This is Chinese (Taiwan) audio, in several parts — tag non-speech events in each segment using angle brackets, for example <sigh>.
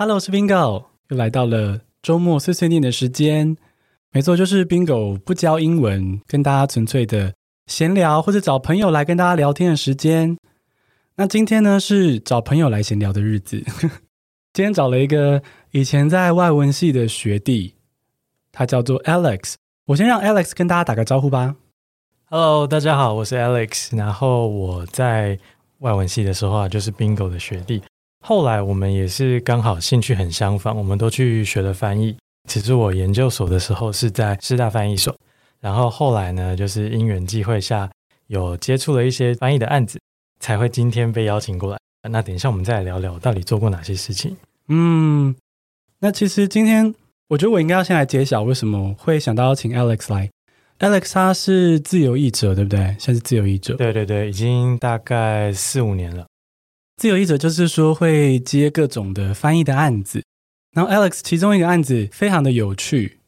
Hello，我是 Bingo，又來到了週末碎碎念的時間。沒錯，就是 Bingo 不教英文，跟大家純粹的閒聊或者找朋友來跟大家聊天的時間。那今天呢，是找朋友來閒聊的日子。 <laughs> 今天找了一個以前在外文系的學弟，他叫做 Alex。我先讓 Alex 跟大家打個招呼吧。Hello，大家好，我是 Alex。然後我在外文系的時候啊，就是 Bingo 的學弟。後來我們也是剛好興趣很相反，我們都去學了翻譯。其實我研究所的時候是在師大翻譯所，然後後來呢，就是因緣際會下有接觸了一些翻譯的案子，才會今天被邀請過來。那等一下我們再來聊聊到底做過哪些事情。嗯，那其實今天我覺得我應該要先來揭曉為什麼會想到請 Alex 來。Alex 他是自由譯者，對不對？現在是自由譯者。對對對，已經大概四五年了。自由譯者就是說，會接各種的翻譯的案子，然後 Alex 其中一個案子非常的有趣，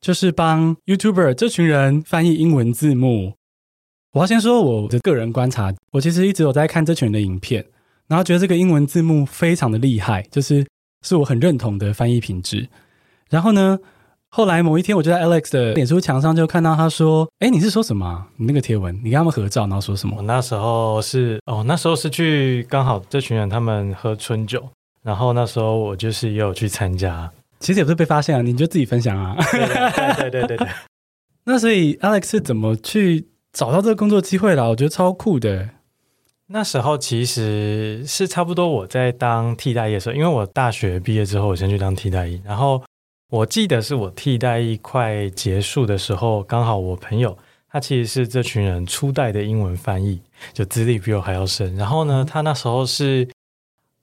就是幫 YouTuber 這群人翻譯英文字幕。我要先說我的個人觀察，我其實一直有在看這群人的影片，然後覺得這個英文字幕非常的厲害，就是是我很認同的翻譯品質。然後呢，後來某一天，我就在 Alex 的臉書牆上就看到他說：“哎，你是說什麼啊？你那個貼文，你跟他們合照，然後說什麼？”我那時候是哦，那時候是去剛好這群人他們喝春酒，然後那時候我就是也有去參加。其實也不是被發現啊，你就自己分享啊。對對對對，對對。 <laughs> 那所以 Alex 是怎麼去找到這個工作機會啦？我覺得超酷的。那時候其實是差不多我在當替代役的時候，因為我大學畢業之後，我先去當替代役，然後。我記得是我替代役快結束的時候，剛好我朋友他其實是這群人初代的英文翻譯，就資歷比我還要深。然後呢，他那時候是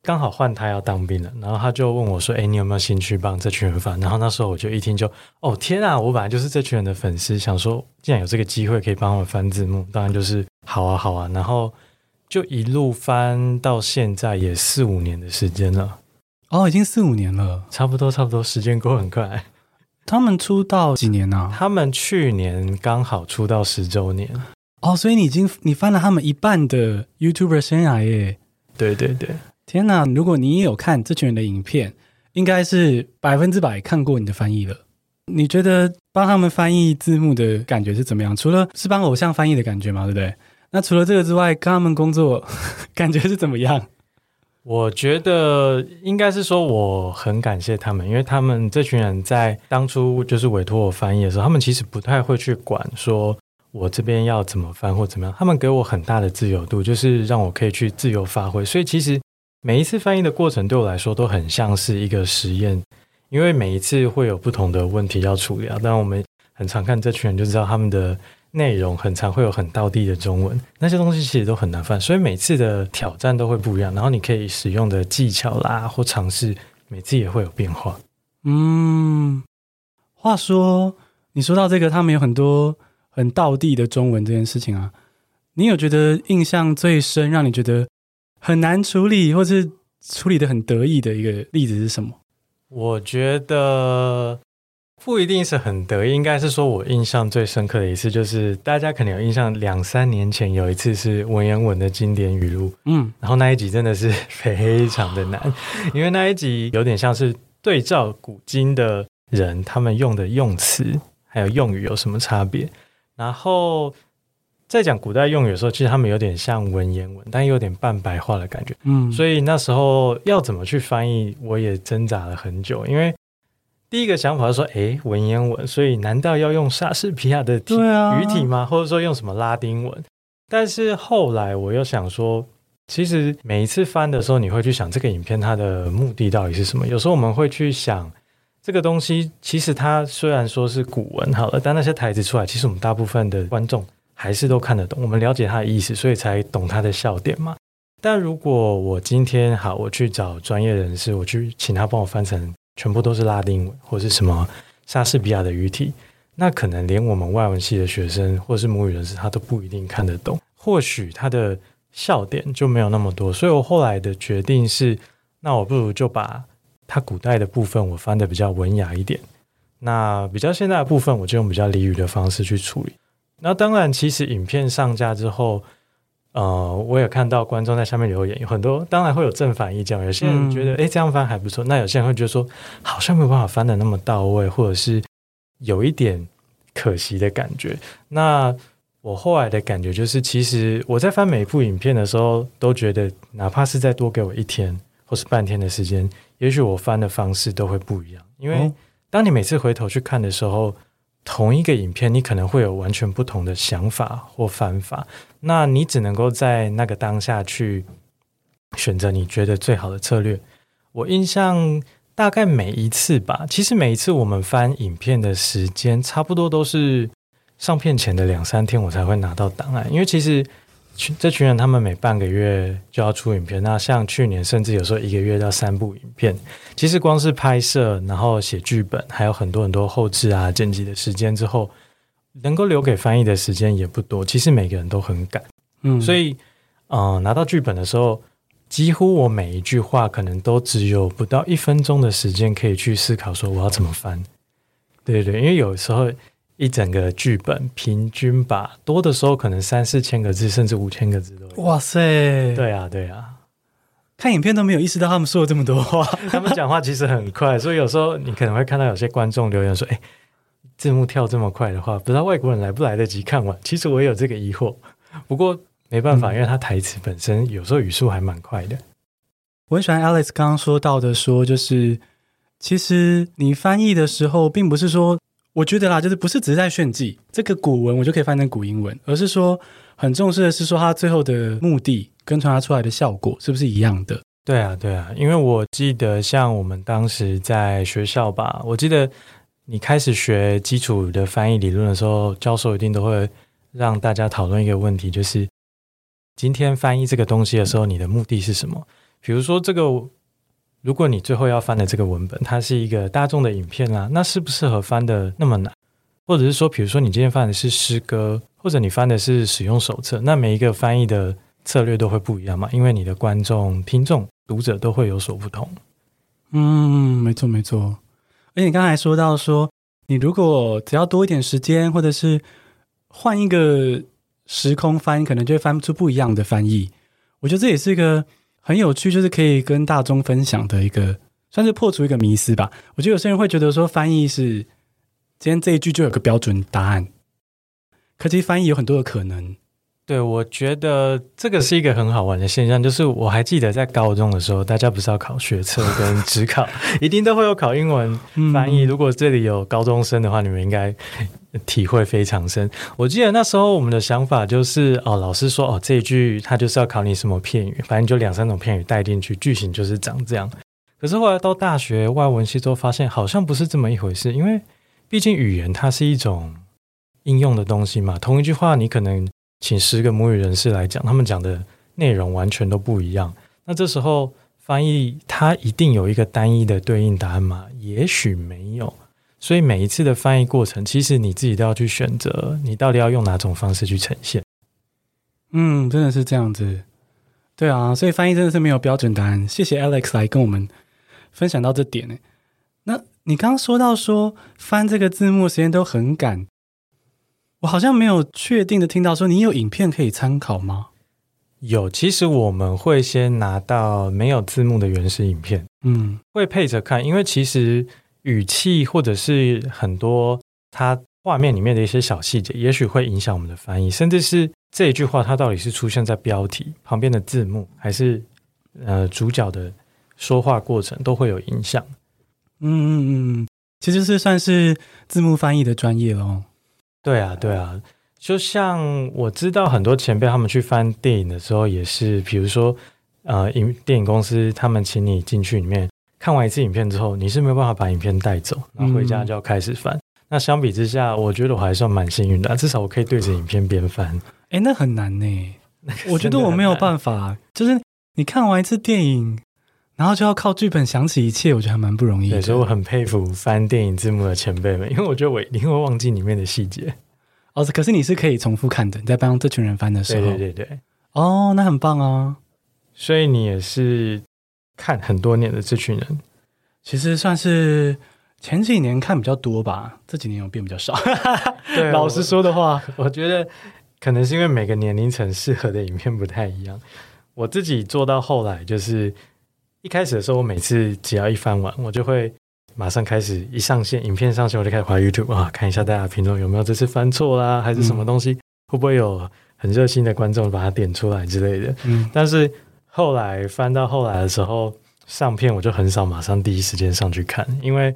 剛好換他要當兵了，然後他就問我說：“哎、欸，你有沒有興趣幫這群人翻？”然後那時候我就一聽就：“哦，天啊！”我本來就是這群人的粉絲，想說既然有這個機會可以幫他們翻字幕，當然就是好啊好啊。然後就一路翻到現在也四五年的時間了。哦，已經四五年了，差不多，差不多，時間過很快。他們出道幾年呢、啊？他們去年剛好出道十周年。哦，所以你已經你翻了他們一半的 YouTuber 生涯耶。對對對，天哪！如果你也有看這群人的影片，應該是百分之百看過你的翻譯了。你覺得幫他們翻譯字幕的感覺是怎麼樣？除了是幫偶像翻譯的感覺嗎？對不對？那除了這個之外，跟他們工作感覺是怎麼樣？我覺得應該是說，我很感謝他們，因為他們這群人在當初就是委託我翻譯的時候，他們其實不太會去管說我這邊要怎麼翻或怎麼樣，他們給我很大的自由度，就是讓我可以去自由發揮。所以其實每一次翻譯的過程，對我來說都很像是一個實驗，因為每一次會有不同的問題要處理啊，當然我們很常看這群人就知道他們的。內容很常，會有很道地的中文，那些東西其實都很難翻，所以每次的挑戰都會不一樣。然後你可以使用的技巧啦，或嘗試每次也會有變化。嗯，話說你說到這個，他們有很多很道地的中文這件事情啊，你有覺得印象最深，讓你覺得很難處理，或是處理得很得意的一個例子是什麼？我覺得。不一定是很得意，應該是說我印象最深刻的一次，就是大家可能有印象，兩三年前有一次是文言文的經典語錄，嗯，然後那一集真的是非常的難，因為那一集有點像是對照古今的人，他們用的用詞還有用語有什麼差別，然後在講古代用語的時候，其實他們有點像文言文，但又有點半白話的感覺，嗯，所以那時候要怎麼去翻譯，我也掙扎了很久，因為。第一個想法是說，誒、欸，文言文，所以難道要用莎士比亞的語體、啊、體嗎？或者說用什麼拉丁文？但是後來我又想說，其實每一次翻的時候，你會去想這個影片它的目的到底是什麼？有時候我們會去想，這個東西其實它雖然說是古文好了，但那些台詞出來，其實我們大部分的觀眾還是都看得懂，我們了解它的意思，所以才懂它的笑點嘛。但如果我今天好，我去找專業人士，我去請他幫我翻成。全部都是拉丁文，或者是什麼莎士比亞的語體，那可能連我們外文系的學生，或是母語人士，他都不一定看得懂。或許他的笑點就沒有那麼多。所以我後來的決定是，那我不如就把他古代的部分我翻得比較文雅一點，那比較現在的部分，我就用比較俚語的方式去處理。那當然，其實影片上架之後。呃，我有看到觀眾在下面留言，有很多，當然會有正反意見。有些人覺得，哎、嗯，欸，這樣翻還不錯；那有些人會覺得說，好像沒有辦法翻的那麼到位，或者是有一點可惜的感覺。那我後來的感覺就是，其實我在翻每一部影片的時候，都覺得，哪怕是再多給我一天或是半天的時間，也許我翻的方式都會不一樣。因為當你每次回頭去看的時候，嗯同一個影片，你可能會有完全不同的想法或翻法。那你只能夠在那個當下去選擇你覺得最好的策略。我印象大概每一次吧，其實每一次我們翻影片的時間，差不多都是上片前的兩三天，我才會拿到檔案，因為其實。這群人，他們每半個月就要出影片。那像去年，甚至有時候一個月要三部影片。其實光是拍攝，然後寫劇本，還有很多很多後製啊、剪輯的時間之後，能夠留給翻譯的時間也不多。其實每個人都很趕，嗯，所以，嗯、呃，拿到劇本的時候，幾乎我每一句話可能都只有不到一分鐘的時間可以去思考，說我要怎麼翻。對對，因為有時候。一整個劇本平均吧，多的時候可能三四千個字，甚至五千個字都有。哇塞！對啊，對啊，看影片都沒有意識到他們說了這麼多話。他們講話其實很快， <laughs> 所以有時候你可能會看到有些觀眾留言說：“誒，字幕跳這麼快的話，不知道外國人來不來得及看完。”其實我也有這個疑惑，不過沒辦法、嗯，因為他台詞本身有時候語速還蠻快的。我很喜歡 Alex 剛剛說到的，說就是，其實你翻譯的時候，並不是說。我覺得啦，就是不是只是在炫技，這個古文我就可以翻成古英文，而是說很重視的是說它最後的目的跟傳達出來的效果是不是一樣的？嗯。對啊，對啊，因為我記得像我們當時在學校吧，我記得你開始學基礎的翻譯理論的時候，教授一定都會讓大家討論一個問題，就是今天翻譯這個東西的時候，你的目的是什麼？嗯。比如說這個。如果你最後要翻的這個文本，它是一個大眾的影片啦、啊，那適不適合翻得那麼難？或者是說，比如說你今天翻的是詩歌，或者你翻的是使用手冊，那每一個翻譯的策略都會不一樣嘛？因為你的觀眾、聽眾、讀者都會有所不同。嗯，沒錯沒錯。而且你剛才說到說，你如果只要多一點時間，或者是換一個時空翻，可能就會翻不出不一樣的翻譯。我覺得這也是一個。很有趣，就是可以跟大眾分享的一個，算是破除一個迷思吧。我覺得有些人會覺得說，翻譯是今天這一句就有個標準答案，可其實翻譯有很多的可能。對，我覺得這個是一個很好玩的現象。就是我還記得在高中的時候，大家不是要考學測跟指考， <laughs> 一定都會有考英文翻譯，嗯。如果這裡有高中生的話，你們應該體會非常深。我記得那時候我們的想法就是，哦，老師說，哦，這一句他就是要考你什麼片語，反正就兩三種片語帶進去，句型就是長這樣。可是後來到大學外文系之後，發現好像不是這麼一回事，因為畢竟語言它是一種應用的東西嘛。同一句話，你可能請十個母語人士來講，他們講的內容完全都不一樣。那這時候翻譯它一定有一個單一的對應答案嗎？也許沒有。所以每一次的翻譯過程，其實你自己都要去選擇，你到底要用哪種方式去呈現。嗯，真的是這樣子。對啊，所以翻譯真的是沒有標準答案。謝謝 Alex 來跟我們分享到這點呢。那你剛剛說到說翻這個字幕時間都很趕，我好像沒有確定的聽到說你有影片可以參考嗎？有，其實我們會先拿到沒有字幕的原始影片，嗯，會配着看，因為其實。語氣，或者是很多它畫面裡面的一些小細節，也許會影響我們的翻譯，甚至是這一句話它到底是出現在標題旁邊的字幕，還是呃主角的說話過程，都會有影響。嗯嗯嗯，其實是算是字幕翻譯的專業咯。對啊，對啊，就像我知道很多前輩他們去翻電影的時候，也是，比如說呃，影電影公司他們請你進去裡面。看完一次影片之後，你是沒有辦法把影片帶走，然後回家就要開始翻。嗯、那相比之下，我覺得我還算蠻幸運的，至少我可以對着影片邊翻。誒、欸，那很難呢？欸那個。我覺得我沒有辦法，就是你看完一次電影，然後就要靠劇本想起一切，我覺得還蠻不容易的。所以我很佩服翻電影字幕的前輩們，因為我覺得我一定會忘記裡面的細節。哦，可是你是可以重複看的，你在幫這群人翻的時候。對對對對，哦，那很棒啊！所以你也是。看很多年的這群人，其實算是前幾年看比較多吧，這幾年我變比較少。 <laughs> 對哦、老實說的話， <laughs> 我覺得可能是因為每個年齡層適合的影片不太一樣。我自己做到後來，就是一開始的時候，我每次只要一翻完，我就會馬上開始一上線影片上線，我就開始刷 YouTube 啊，看一下大家評論有沒有這次翻錯啦，還是什麼東西、嗯，會不會有很熱心的觀眾把它點出來之類的。嗯，但是。後來翻到後來的時候，上片我就很少馬上第一時間上去看，因為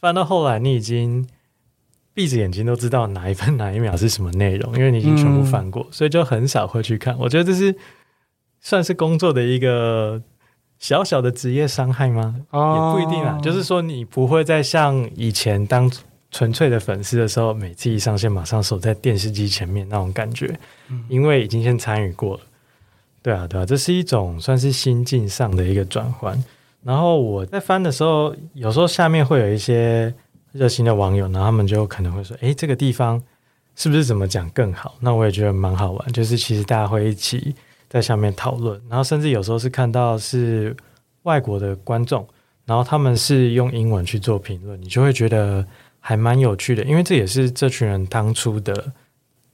翻到後來你已經閉着眼睛都知道哪一分哪一秒是什麼內容，因為你已經全部翻過，嗯、所以就很少會去看。我覺得這是算是工作的一個小小的職業傷害嗎？、哦？也不一定啊，就是說你不會再像以前當純粹的粉絲的時候，每次一上線馬上守在電視機前面那種感覺，嗯、因為已經先參與過了。對啊，對啊，這是一種算是心境上的一個轉換。然後我在翻的時候，有時候下面會有一些熱心的網友，然後他們就可能會說：“誒，這個地方是不是怎麼講更好？”那我也覺得蠻好玩，就是其實大家會一起在下面討論，然後甚至有時候是看到是外國的觀眾，然後他們是用英文去做評論，你就會覺得還蠻有趣的，因為這也是這群人當初的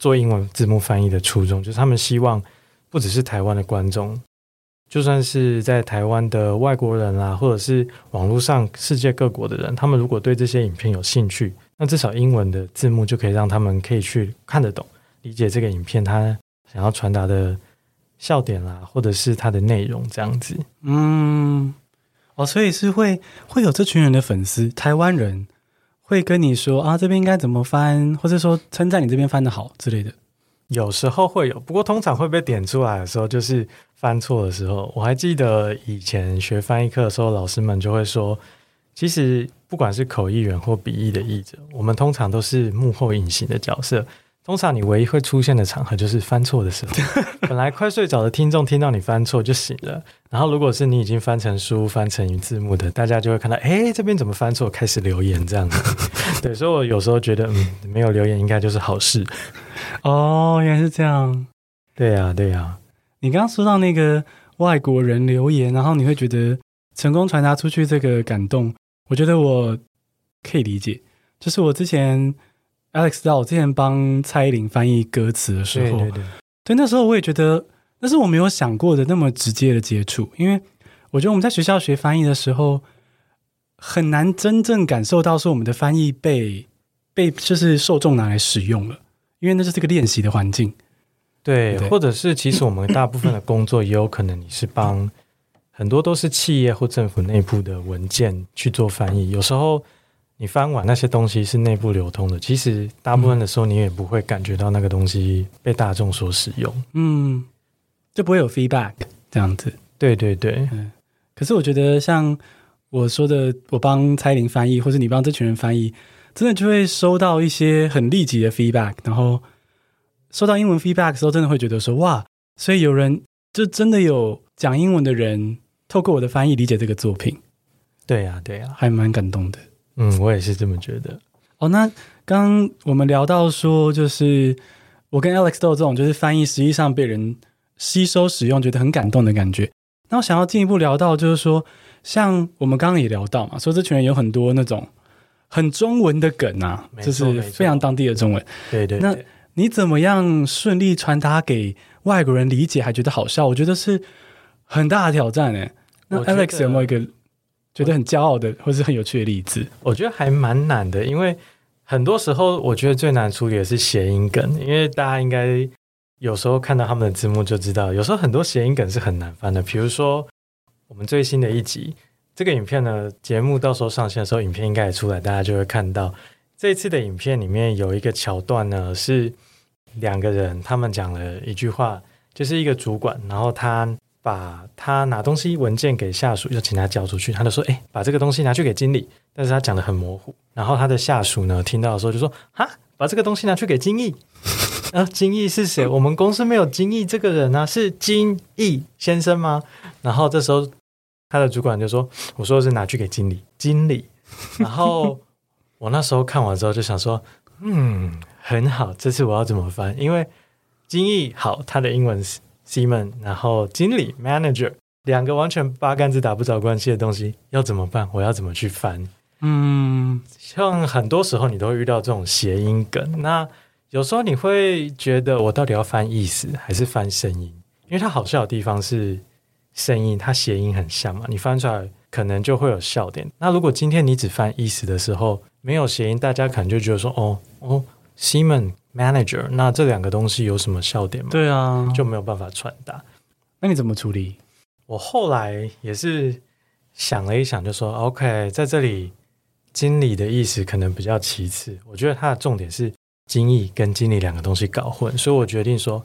做英文字幕翻譯的初衷，就是他們希望。不只是台灣的觀眾，就算是在台灣的外國人啦，或者是網絡上世界各國的人，他們如果對這些影片有興趣，那至少英文的字幕就可以讓他們可以去看得懂，理解這個影片他想要傳達的笑點啦，或者是它的內容這樣子。嗯，哦，所以是會會有這群人的粉絲，台灣人會跟你說啊，這邊應該怎麼翻，或者說稱讚你這邊翻得好之類的。有時候會有，不過通常會被點出來的時候，就是翻錯的時候。我還記得以前學翻譯課的時候，老師們就會說，其實不管是口譯員或筆譯的譯者，我們通常都是幕後隱形的角色。通常你唯一會出現的場合就是翻錯的時候，本來快睡着 <laughs> 的聽眾聽到你翻錯就醒了。然後如果是你已經翻成書、翻成字幕的，大家就會看到，哎，這邊怎麼翻錯，開始留言這樣。對，所以我有時候覺得，嗯，沒有留言應該就是好事。哦，原來是這樣。對呀、啊，對呀、啊。你剛剛說到那個外國人留言，然後你會覺得成功傳達出去這個感動，我覺得我可以理解。就是我之前 Alex 到我之前幫蔡依林翻譯歌詞的時候，對對對，對那時候我也覺得，那是我沒有想過的那麼直接的接觸，因為我覺得我們在學校學翻譯的時候，很難真正感受到說我們的翻譯被被就是受眾拿來使用了。因為那就是這個練習的環境，對，對，或者是其實我們大部分的工作也有可能你是幫很多都是企業或政府內部的文件去做翻譯，有時候你翻完那些東西是內部流通的，其實大部分的時候你也不會感覺到那個東西被大眾所使用，嗯，就不會有 feedback 這樣子，對對對，嗯，可是我覺得像我說的，我幫蔡依林翻譯，或是你幫這群人翻譯。真的就會收到一些很立即的 feedback，然後收到英文 feedback 的時候，真的會覺得說，哇，所以有人就真的有講英文的人透過我的翻譯理解這個作品。對呀，對呀，還蠻感動的。嗯，我也是這麼覺得。哦，那剛剛我們聊到說，就是我跟 Alex 都有這種，就是翻譯實際上被人吸收使用，覺得很感動的感覺。那我想要進一步聊到，就是說，像我們剛剛也聊到嘛，說這群人有很多那種。很中文的梗啊，這是非常當地的中文。對對，那你怎麼樣順利傳達給外國人理解還覺得好笑？我覺得是很大的挑戰誒、欸。那 Alex 有沒有一個覺得很驕傲的或是很有趣的例子？我覺得還蠻難的，因為很多時候我覺得最難處理的是諧音梗，因為大家應該有時候看到他們的字幕就知道，有時候很多諧音梗是很難翻的。比如說我們最新的一集。這個影片呢，節目到時候上線的時候，影片應該也出來，大家就會看到。這一次的影片裡面有一個橋段呢，是兩個人，他們講了一句話，就是一個主管，然後他把他拿東西文件給下屬，就請他交出去，他就說：“哎、欸，把這個東西拿去給經理。”但是他講得很模糊。然後他的下屬呢，聽到的時候就說：“哈，把這個東西拿去給金毅 <laughs> 啊？金毅是誰？我們公司沒有金毅這個人啊，是金毅先生嗎？”然後這時候。他的主管就說：“我說的是拿去給經理，經理。”然後我那時候看完之後就想說：“ <laughs> 嗯，很好，這次我要怎麼翻？因為精液好，他的英文 seaman，然後經理 manager，兩個完全八竿子打不着關係的東西，要怎麼辦？我要怎麼去翻？”嗯， <laughs> 像很多時候你都會遇到這種諧音梗，那有時候你會覺得我到底要翻意思還是翻聲音？因為它好笑的地方是。聲音，它諧音很像嘛，你翻出來可能就會有笑點。那如果今天你只翻意思的時候，沒有諧音，大家可能就覺得說，哦哦，Semen Manager，那這兩個東西有什麼笑點嗎？對啊，就沒有辦法傳達。那你怎麼處理？我後來也是想了一想，就說 OK，在這裡經理的意思可能比較其次，我覺得它的重點是“精液”跟“經理”兩個東西搞混，所以我決定說。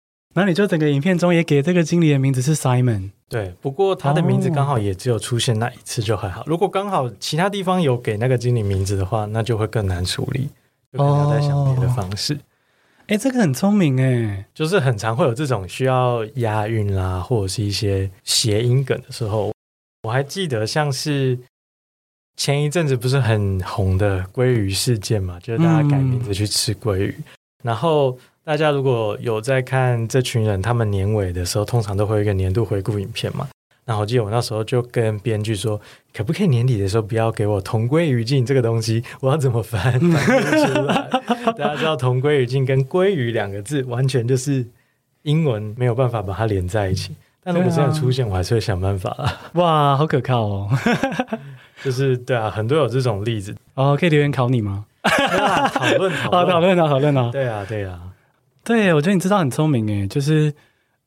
那你就整個影片中也給這個經理的名字是 Simon，對。不過他的名字剛好也只有出現那一次就還好，oh. 如果剛好其他地方有給那個經理名字的話，那就會更難處理，就可能要再想別的方式。Oh. 誒，這個很聰明誒，就是很常會有這種需要押韻啦、啊，或者是一些諧音梗的時候，我還記得像是前一陣子不是很紅的鮭魚事件嘛，就是大家改名字去吃鮭魚，嗯、然後。大家如果有在看這群人，他們年尾的時候通常都會有一個年度回顧影片嘛。那我記得我那時候就跟編劇說，可不可以年底的時候不要給我“同歸於盡”這個東西，我要怎麼翻？ <laughs> 出來 <laughs> 大家知道“同歸於盡”跟“歸於”兩個字完全就是英文沒有辦法把它連在一起，但 <laughs> 如果真的這樣出現，我還是會想辦法。哇，好可靠哦！ <laughs> 就是對啊，很多有這種例子哦。可以留言考你嗎？討 <laughs> 論、啊，好討論啊，討論啊。對啊，對啊。對，我覺得你知道很聰明誒。就是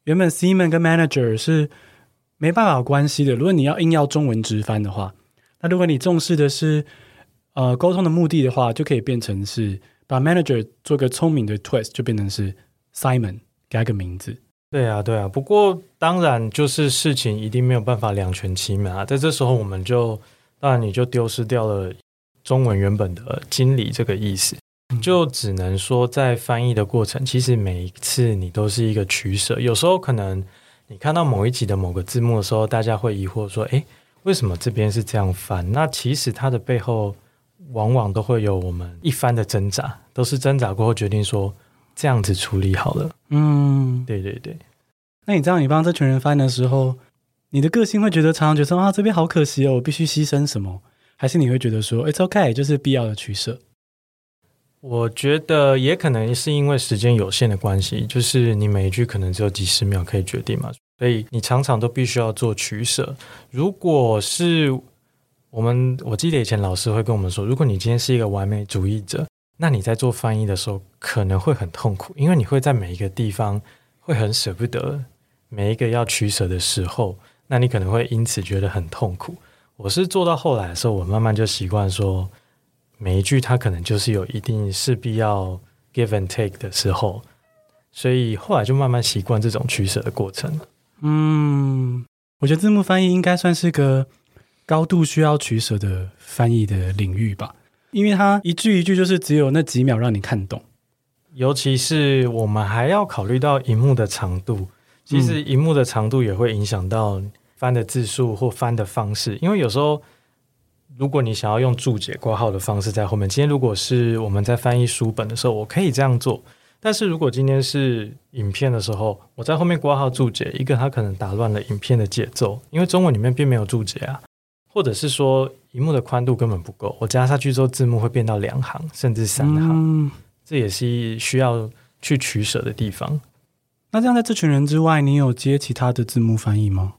原本 Simon 跟 Manager 是沒辦法有關係的。如果你要硬要中文直翻的話，那如果你重視的是呃溝通的目的的話，就可以變成是把 Manager 做個聰明的 Twist，就變成是 Simon 加個名字。對啊，對啊。不過當然就是事情一定沒有辦法兩全其美啊。在這時候，我們就當然你就丟失掉了中文原本的經理這個意思。就只能說，在翻譯的過程，其實每一次你都是一個取舍。有時候可能你看到某一集的某個字幕的時候，大家會疑惑說：“誒，為什麼這邊是這樣翻？”那其實它的背後往往都會有我們一番的掙扎，都是掙扎過後決定說這樣子處理好了。嗯，對對對。那你知道你幫這群人翻譯的時候，你的個性會覺得常常覺得啊，這邊好可惜哦，我必須犧牲什麼？還是你會覺得說：“It's okay，就是必要的取舍。”我覺得也可能是因為時間有限的關係，就是你每一句可能只有幾十秒可以決定嘛，所以你常常都必須要做取捨。如果是我們，我記得以前老師會跟我們說，如果你今天是一個完美主義者，那你在做翻譯的時候可能會很痛苦，因為你會在每一個地方會很捨不得，每一個要取捨的時候，那你可能會因此覺得很痛苦。我是做到後來的時候，我慢慢就習慣說。每一句，它可能就是有一定勢必要 give and take 的時候，所以後來就慢慢習慣這種取舍的過程。嗯，我覺得字幕翻譯應該算是個高度需要取舍的翻譯的領域吧，因為它一句一句就是只有那幾秒讓你看懂，尤其是我們還要考慮到熒幕的長度，其實熒幕的長度也會影響到翻的字數或翻的方式，因為有時候，如果你想要用註解括號的方式在後面，今天如果是我們在翻譯書本的時候，我可以這樣做。但是如果今天是影片的時候，我在後面括號註解，一個它可能打亂了影片的節奏，因為中文裡面並沒有註解啊，或者是說，熒幕的寬度根本不夠，我加上去之後字幕會變到兩行甚至三行，嗯，這也是需要去取捨的地方。那這樣在這群人之外，你有接其他的字幕翻譯嗎？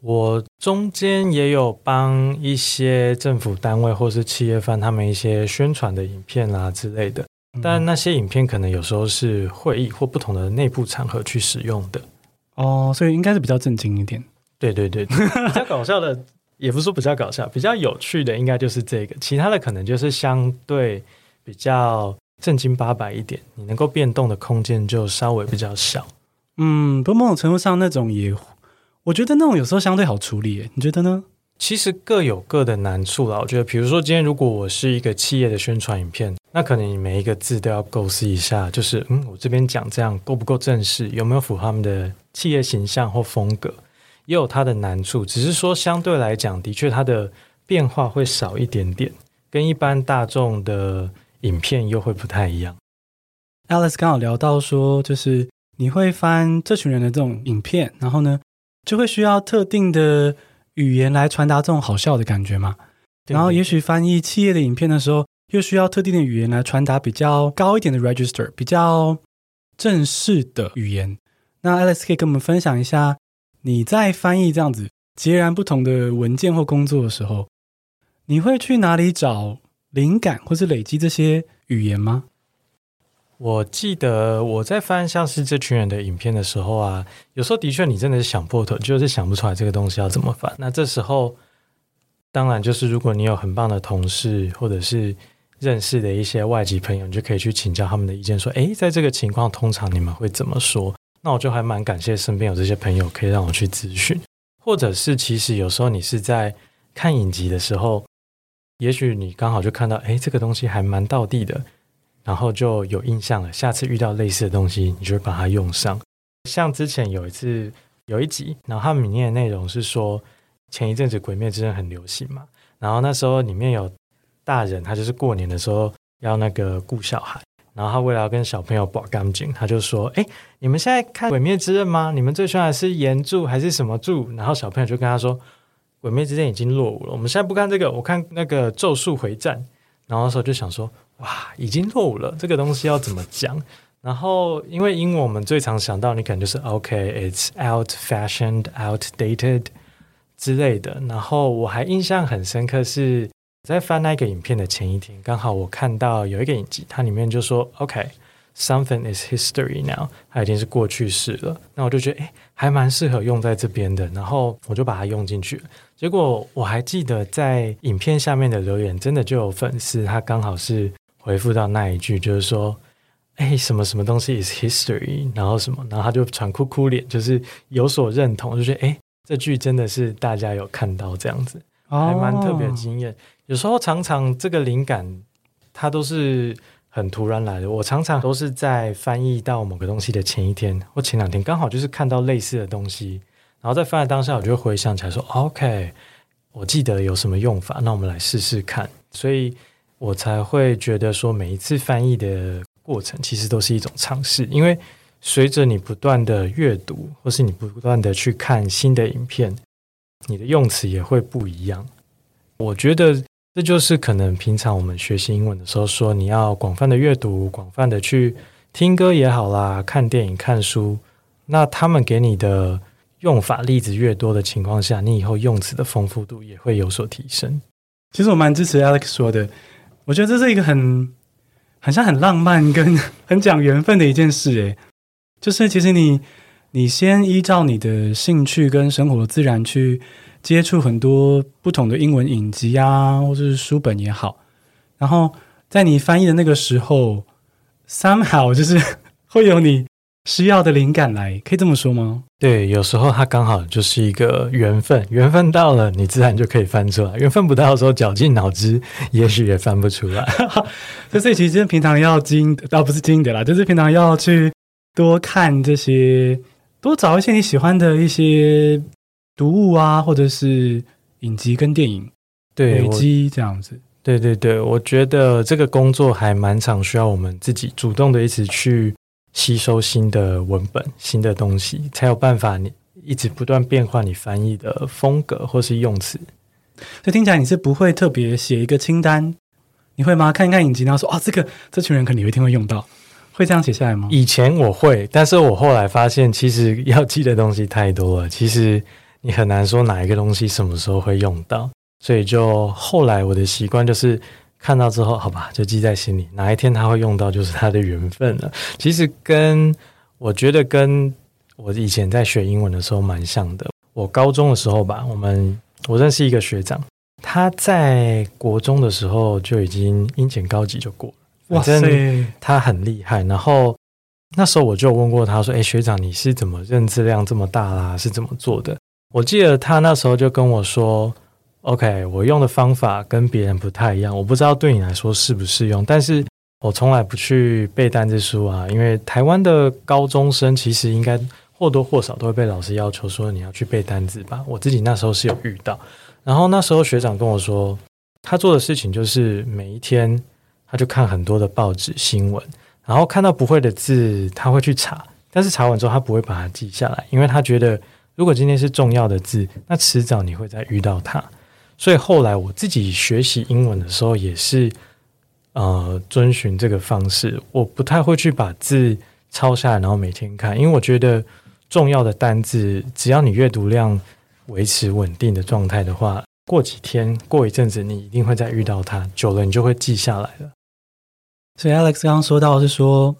我中間也有幫一些政府單位或是企業方他們一些宣傳的影片啊之類的，嗯，但那些影片可能有時候是會議或不同的內部場合去使用的哦，所以應該是比較正經一點。對對對，比較搞笑的 <laughs> 也不是說比較搞笑，比較有趣的應該就是這個，其他的可能就是相對比較正經八百一點，你能夠變動的空間就稍微比較小。嗯，都某種程度上那種也。我覺得那種有時候相對好處理耶，你覺得呢？其實各有各的難處啦。我覺得，比如說今天如果我是一個企業的宣傳影片，那可能你每一個字都要構思一下，就是嗯，我這邊講這樣夠不夠正式，有沒有符合他們的企業形象或風格，也有它的難處。只是說相對來講，的確它的變化會少一點點，跟一般大眾的影片又會不太一樣。Alex 剛好聊到說，就是你會翻這群人的這種影片，然後呢，就會需要特定的語言來傳達這種好笑的感覺嘛。然後，也許翻譯企業的影片的時候，又需要特定的語言來傳達比較高一點的 register，比較正式的語言。那 Alex 可以跟我們分享一下，你在翻譯這樣子截然不同的文件或工作的時候，你會去哪裡找靈感或是累積這些語言嗎？我記得我在翻像是這群人的影片的時候啊，有時候的確你真的是想破頭，就是想不出來這個東西要怎麼翻。那這時候，當然就是如果你有很棒的同事或者是認識的一些外籍朋友，你就可以去請教他們的意見，說：“哎，在這個情況，通常你們會怎麼說？”那我就還蠻感謝身邊有這些朋友可以讓我去諮詢，或者是其實有時候你是在看影集的時候，也許你剛好就看到，哎，這個東西還蠻道地的。然後就有印象了，下次遇到類似的東西，你就會把它用上。像之前有一次有一集，然後他裡面的內容是說，前一陣子《鬼滅之刃》很流行嘛，然後那時候裡面有大人，他就是過年的時候要那個顧小孩，然後他為了要跟小朋友搏感情，他就說：“誒，你們現在看《鬼滅之刃》嗎？你們最喜歡的是炎柱還是什麼柱？然後小朋友就跟他說：“《鬼滅之刃》已經落伍了，我們現在不看這個，我看那個《咒術迴戰》。”然後那時候就想說。哇，已經落伍了，這個東西要怎麼講？然後因為英文我們最常想到，你可能就是 <laughs> “OK, it's、okay, out fashioned, outdated” 之類的。然後我還印象很深刻，是在翻那個影片的前一天，剛好我看到有一個影集，它裡面就說 “OK, something is history now”，它已經是過去式了。那我就覺得，哎、欸，還蠻適合用在這邊的。然後我就把它用進去了。結果我還記得在影片下面的留言，真的就有粉絲，他剛好是。回复到那一句，就是說，哎、欸，什麼什麼東西 is history，然後什麼，然後他就傳哭哭臉，就是有所認同，就覺得哎、欸，這句真的是大家有看到這樣子，還蠻特別驚豔。Oh. 有時候常常這個靈感它都是很突然來的，我常常都是在翻譯到某個東西的前一天或前兩天，剛好就是看到類似的東西，然後在翻譯當下，我就會回想起來說，OK，我記得有什麼用法，那我們來試試看。所以。我才會覺得說，每一次翻譯的過程其實都是一種嘗試，因為隨着你不斷的閱讀，或是你不斷的去看新的影片，你的用詞也會不一樣。我覺得這就是可能平常我們學習英文的時候說，說你要廣泛的閱讀，廣泛的去聽歌也好啦，看電影、看書，那他們給你的用法例子越多的情況下，你以後用詞的豐富度也會有所提升。其實我蠻支持 Alex 說的。我覺得這是一個很，好像很浪漫跟很講緣分的一件事誒，就是其實你你先依照你的興趣跟生活的自然去接觸很多不同的英文影集啊，或者是書本也好，然後在你翻譯的那個時候，somehow 就是會有你。需要的靈感來，可以這麼說嗎？對，有時候它剛好就是一個緣分，緣分到了，你自然就可以翻出來；緣分不到的時候，絞盡腦汁，也許也翻不出來。 <laughs> <laughs> <laughs> 所以其實平常要精，啊，不是經的啦，就是平常要去多看這些，多找一些你喜歡的一些讀物啊，或者是影集跟電影、累積這樣子。對,對對對，我覺得這個工作還蠻常，需要我們自己主動的一起去。吸收新的文本、新的東西，才有辦法你一直不斷變換你翻譯的風格或是用詞。所以聽起來你是不會特別寫一個清單，你會嗎？看一看影集，然後說啊、哦，這個這群人可能有一天會用到，會這樣寫下來嗎？以前我會，但是我後來發現，其實要記的東西太多了，其實你很難說哪一個東西什麼時候會用到，所以就後來我的習慣就是。看到之後，好吧，就記在心裡。哪一天他會用到，就是他的緣分了。其實跟我覺得跟我以前在學英文的時候蠻像的。我高中的時候吧，我們我認識一個學長，他在國中的時候就已經英檢高級就過了。反正哇塞，他很厲害。然後那時候我就問過他說：“哎、欸，學長，你是怎麼認知量這麼大啦、啊？是怎麼做的？”我記得他那時候就跟我說。OK，我用的方法跟別人不太一樣，我不知道對你來說適不適用。但是我從來不去背單字書啊，因為台灣的高中生其實應該或多或少都會被老師要求說你要去背單字吧。我自己那時候是有遇到，然後那時候學長跟我說，他做的事情就是每一天他就看很多的報紙新聞，然後看到不會的字他會去查，但是查完之後他不會把它記下來，因為他覺得如果今天是重要的字，那遲早你會再遇到它。所以後來我自己學習英文的時候，也是呃遵循這個方式。我不太會去把字抄下來，然後每天看，因為我覺得重要的單字，只要你閱讀量維持穩定的狀態的話，過幾天、過一陣子，你一定會再遇到它。久了，你就會記下來了。所以 Alex 剛剛說到是說，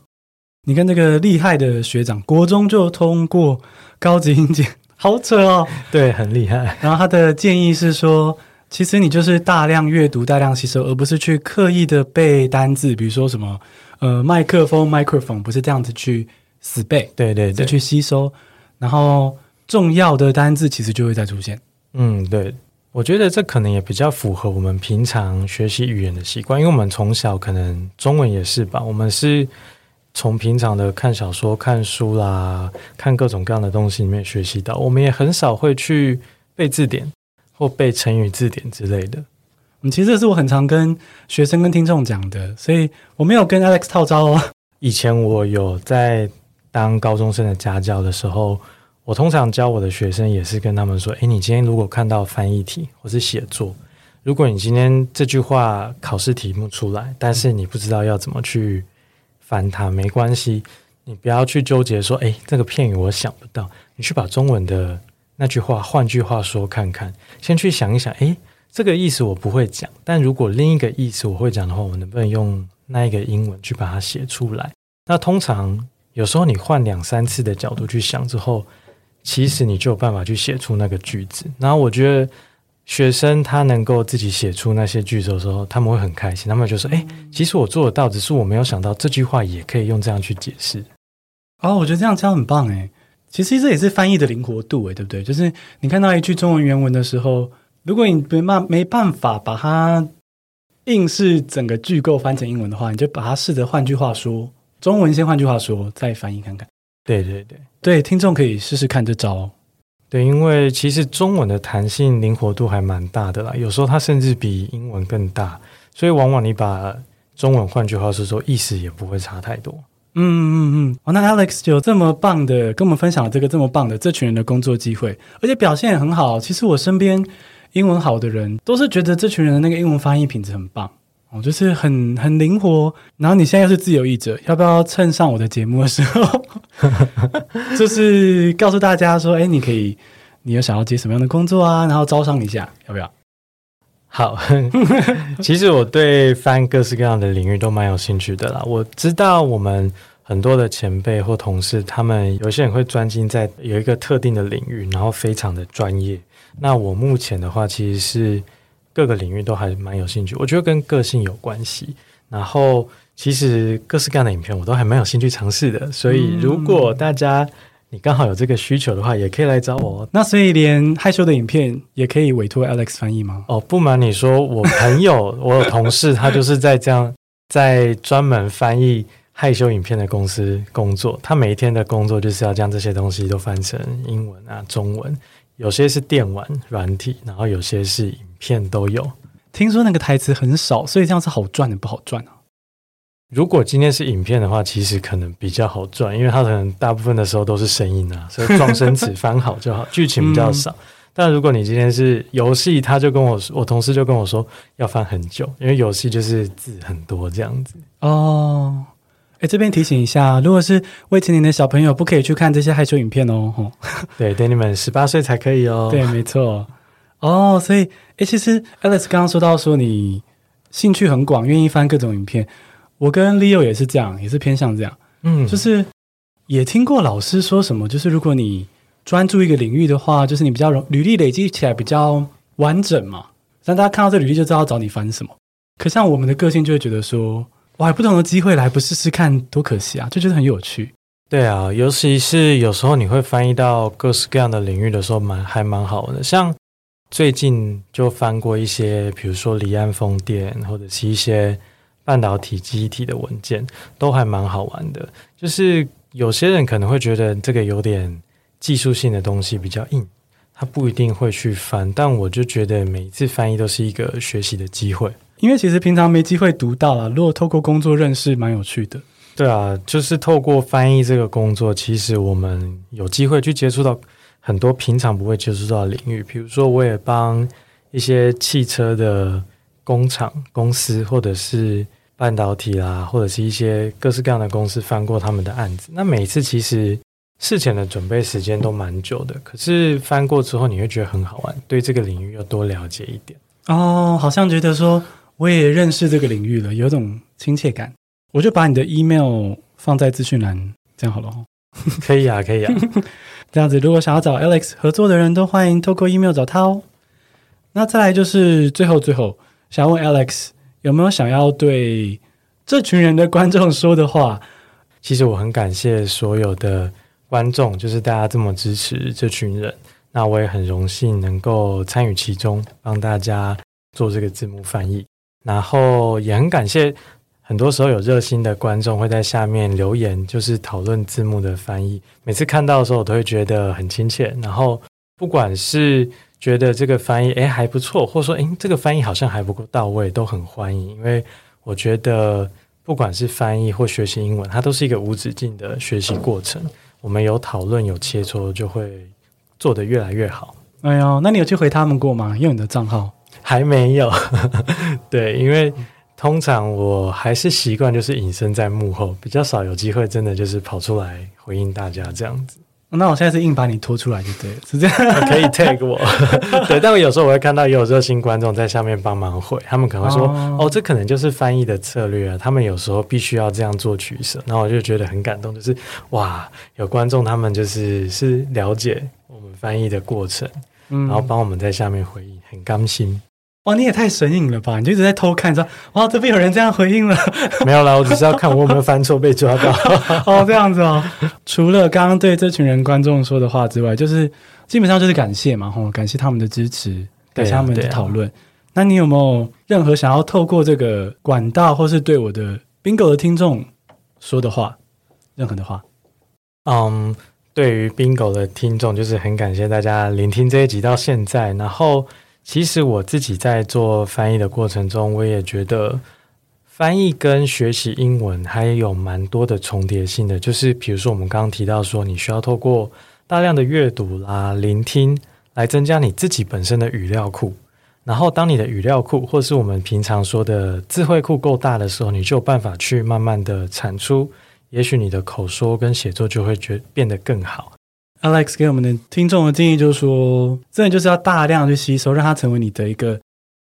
你跟那個厲害的學長國中就通過高級英檢，好扯哦， <laughs> 對，很厲害。 <laughs> 然後他的建議是說。其實你就是大量閱讀、大量吸收，而不是去刻意的背單字。比如說什麼，呃，麥克風、microphone，不是這樣子去死背，對對對，去吸收。然後重要的單字其實就會再出現。嗯，對，我覺得這可能也比較符合我們平常學習語言的習慣，因為我們從小可能中文也是吧，我們是從平常的看小說、看書啦，看各種各樣的東西裡面學習到，我們也很少會去背字典。或背成語字典之類的，嗯，其實這是我很常跟學生跟聽眾講的，所以我沒有跟 Alex 套招哦。以前我有在當高中生的家教的時候，我通常教我的學生也是跟他們說：哎，你今天如果看到翻譯題或是寫作，如果你今天這句話考試題目出來，但是你不知道要怎麼去翻它，沒關係，你不要去糾結說，哎，這個片語我想不到，你去把中文的。那句話，換句話說，看看，先去想一想，哎，這個意思我不會講，但如果另一個意思我會講的話，我能不能用那一個英文去把它寫出來？那通常有時候你換兩三次的角度去想之後，其實你就有辦法去寫出那個句子。然後我覺得學生他能夠自己寫出那些句子的時候，他們會很開心，他們就說：“哎，其實我做得到，只是我沒有想到這句話也可以用這樣去解釋。”哦，我覺得這樣教很棒誒。其實這也是翻譯的靈活度哎，對不對？就是你看到一句中文原文的時候，如果你沒辦沒辦法把它硬是整個句構翻成英文的話，你就把它試着換句話說，中文先換句話說，再翻譯看看。對對對對，聽眾可以試試看這招哦。對，因為其實中文的彈性、靈活度還蠻大的啦，有時候它甚至比英文更大，所以往往你把中文換句話說，說意思也不會差太多。嗯嗯嗯，哦，那 Alex 有這麼棒的，跟我們分享了這個這麼棒的這群人的工作機會，而且表現也很好。其實我身邊英文好的人都是覺得這群人的那個英文翻譯品質很棒哦，就是很很靈活。然後你現在又是自由譯者，要不要蹭上我的節目的時候， <laughs> <laughs> 就是告訴大家說，哎，你可以，你有想要接什麼樣的工作啊？然後招商一下，要不要？好，其實我對翻各式各樣的領域都蠻有興趣的啦。我知道我們很多的前輩或同事，他們有些人會專精在有一個特定的領域，然後非常的專業。那我目前的話，其實是各個領域都還蠻有興趣。我覺得跟個性有關係。然後，其實各式各樣的影片我都還蠻有興趣嘗試的。所以，如果大家你剛好有這個需求的話，也可以來找我，哦。那所以連害羞的影片也可以委托 Alex 翻譯嗎？哦，不瞞你說，我朋友， <laughs> 我有同事，他就是在這樣在專門翻譯害羞影片的公司工作。他每一天的工作就是要將這些東西都翻成英文啊、中文，有些是電玩軟體，然後有些是影片都有。聽說那個台詞很少，所以這樣子好賺的不好賺啊。如果今天是影片的話，其實可能比較好賺，因為它可能大部分的時候都是聲音吶、啊，所以狀聲詞翻好就好， <laughs> 劇情比較少、嗯。但如果你今天是遊戲，他就跟我說，我同事就跟我說要翻很久，因為遊戲就是字很多這樣子哦。誒，這邊提醒一下，如果是未成年的小朋友，不可以去看這些害羞影片哦。對，等你們十八歲才可以哦。對，沒錯。哦，所以誒，其實 Alex 剛剛說到說你興趣很廣，願意翻各種影片。我跟 Leo 也是這樣，也是偏向這樣，嗯，就是也聽過老師說什麼，就是如果你專注一個領域的話，就是你比較容易履歷累積起來比較完整嘛，讓大家看到這個履歷就知道找你翻什麼。可像我們的個性就會覺得說，哇，有不同的機會來不試試看，多可惜啊，就覺得很有趣。對啊，尤其是有時候你會翻譯到各式各樣的領域的時候蠻，蠻還蠻好的。像最近就翻過一些，比如說離岸風電，或者是一些。半導體、記憶體的文件都還蠻好玩的，就是有些人可能會覺得這個有點技術性的東西比較硬，他不一定會去翻。但我就覺得每一次翻譯都是一個學習的機會，因為其實平常沒機會讀到啊。如果透過工作認識，蠻有趣的。對啊，就是透過翻譯這個工作，其實我們有機會去接觸到很多平常不會接觸到的領域，比如說我也幫一些汽車的工廠公司或者是。半導體啦，或者是一些各式各樣的公司翻過他們的案子，那每次其實事前的準備時間都蠻久的，可是翻過之後你會覺得很好玩，對這個領域要多了解一點哦。好像覺得說我也認識這個領域了，有種親切感。我就把你的 email 放在資訊欄，這樣好了哦。 <laughs> 可以啊，可以啊。 <laughs> 這樣子，如果想要找 Alex 合作的人都歡迎透過 email 找他哦。那再來就是最後最後，想要問 Alex。有沒有想要對這群人的觀眾說的話？其實我很感謝所有的觀眾，就是大家這麼支持這群人。那我也很榮幸能夠參與其中，幫大家做這個字幕翻譯。然後也很感謝，很多時候有熱心的觀眾會在下面留言，就是討論字幕的翻譯。每次看到的時候，我都會覺得很親切。然後不管是。覺得這個翻譯誒，還不錯，或者說誒，這個翻譯好像還不夠到位，都很歡迎。因為我覺得不管是翻譯或學習英文，它都是一個無止境的學習過程。我們有討論有切磋，就會做得越來越好。哎喲，那你有去回他們過嗎？用你的賬號？還沒有呵呵。對，因為通常我還是習慣就是隱身在幕後，比較少有機會真的就是跑出來回應大家這樣子。那我現在是硬把你拖出來就對了，是這樣。可以 take 我 <laughs> 對，但我有時候我會看到也有熱心觀眾在下面幫忙回，他們可能會說，oh. 哦，這可能就是翻譯的策略啊，他們有時候必須要這樣做取舍。那我就覺得很感動，就是哇，有觀眾他們就是是了解我們翻譯的過程，mm -hmm. 然後幫我們在下面回應，很甘心。哦，你也太神隱了吧？你就一直在偷看着，哇，這邊有人這樣回應了。 <laughs> 沒有啦，我只是要看我有沒有翻車被抓到。 <laughs> <laughs> 哦，這樣子哦。除了剛剛對這群人觀眾說的話之外，就是基本上就是感謝嘛，吼，感謝他們的支持，感謝他們的討論。啊啊、那你有沒有任何想要透過這個管道，或是對我的賓狗的聽眾說的話？任何的話？嗯、um,，對於賓狗的聽眾，就是很感謝大家聆聽這一集到現在，然後。其實我自己在做翻譯的過程中，我也覺得翻譯跟學習英文還有蠻多的重疊性的。就是比如說，我們剛剛提到說，你需要透過大量的閱讀啦、聆聽來增加你自己本身的語料庫。然後，當你的語料庫或是我們平常說的智慧庫夠大的時候，你就有辦法去慢慢地產出。也許你的口說跟寫作就會覺變得更好。Alex 給我們的聽眾的建議就是說，真的就是要大量去吸收，讓它成為你的一個，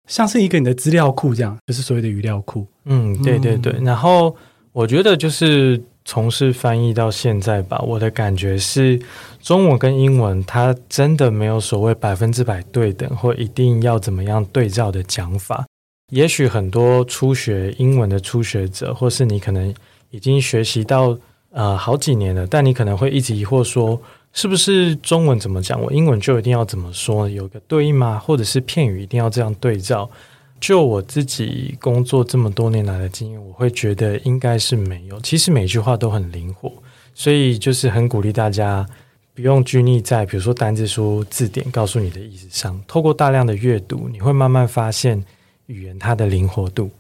像是一個你的資料庫這樣，就是所謂的語料庫。嗯，對對對、嗯。然後我覺得就是從事翻譯到現在吧，我的感覺是，中文跟英文它真的沒有所謂百分之百對等，或一定要怎麼樣對照的講法。也許很多初學英文的初學者，或是你可能已經學習到呃好幾年了，但你可能會一直疑惑說，是不是中文怎麼講，我英文就一定要怎麼說？有個對應嗎？或者是片語一定要這樣對照？就我自己工作這麼多年來的經驗，我會覺得應該是沒有。其實每一句話都很靈活，所以就是很鼓勵大家不用拘泥在比如說單字書字典告訴你的意思上。透過大量的閱讀，你會慢慢發現語言它的靈活度。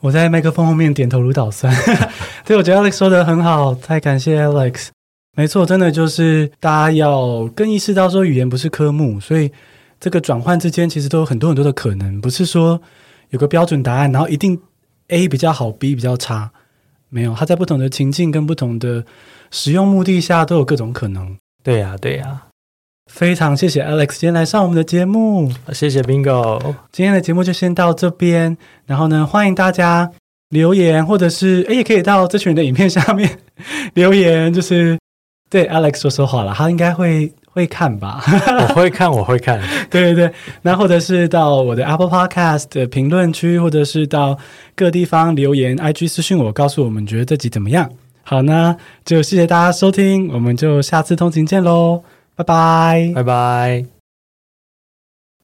我在麥克風後面點頭如搗蒜。 <laughs> 對，我覺得 Alex 說的很好，太感謝 Alex。沒錯，真的就是大家要更意識到說，語言不是科目，所以這個轉換之間其實都有很多很多的可能，不是說有個標準答案，然後一定 A 比較好，B 比較差，沒有，它在不同的情境跟不同的使用目的下都有各種可能。對呀，對呀，非常謝謝 Alex 今天來上我們的節目，謝謝 Bingo，今天的節目就先到這邊，然後呢，歡迎大家留言，或者是誒也可以到這群人的影片下面留言，就是。對 Alex 說說話了，他應該會會看吧？ <laughs> 我會看，我會看。 <laughs> 對對對，那或者是到我的 Apple Podcast 的評論區，或者是到各地方留言 IG 私訊我，告訴我們覺得這集怎麼樣？好呢，就謝謝大家收聽，我們就下次通勤見嘍，拜拜，拜拜。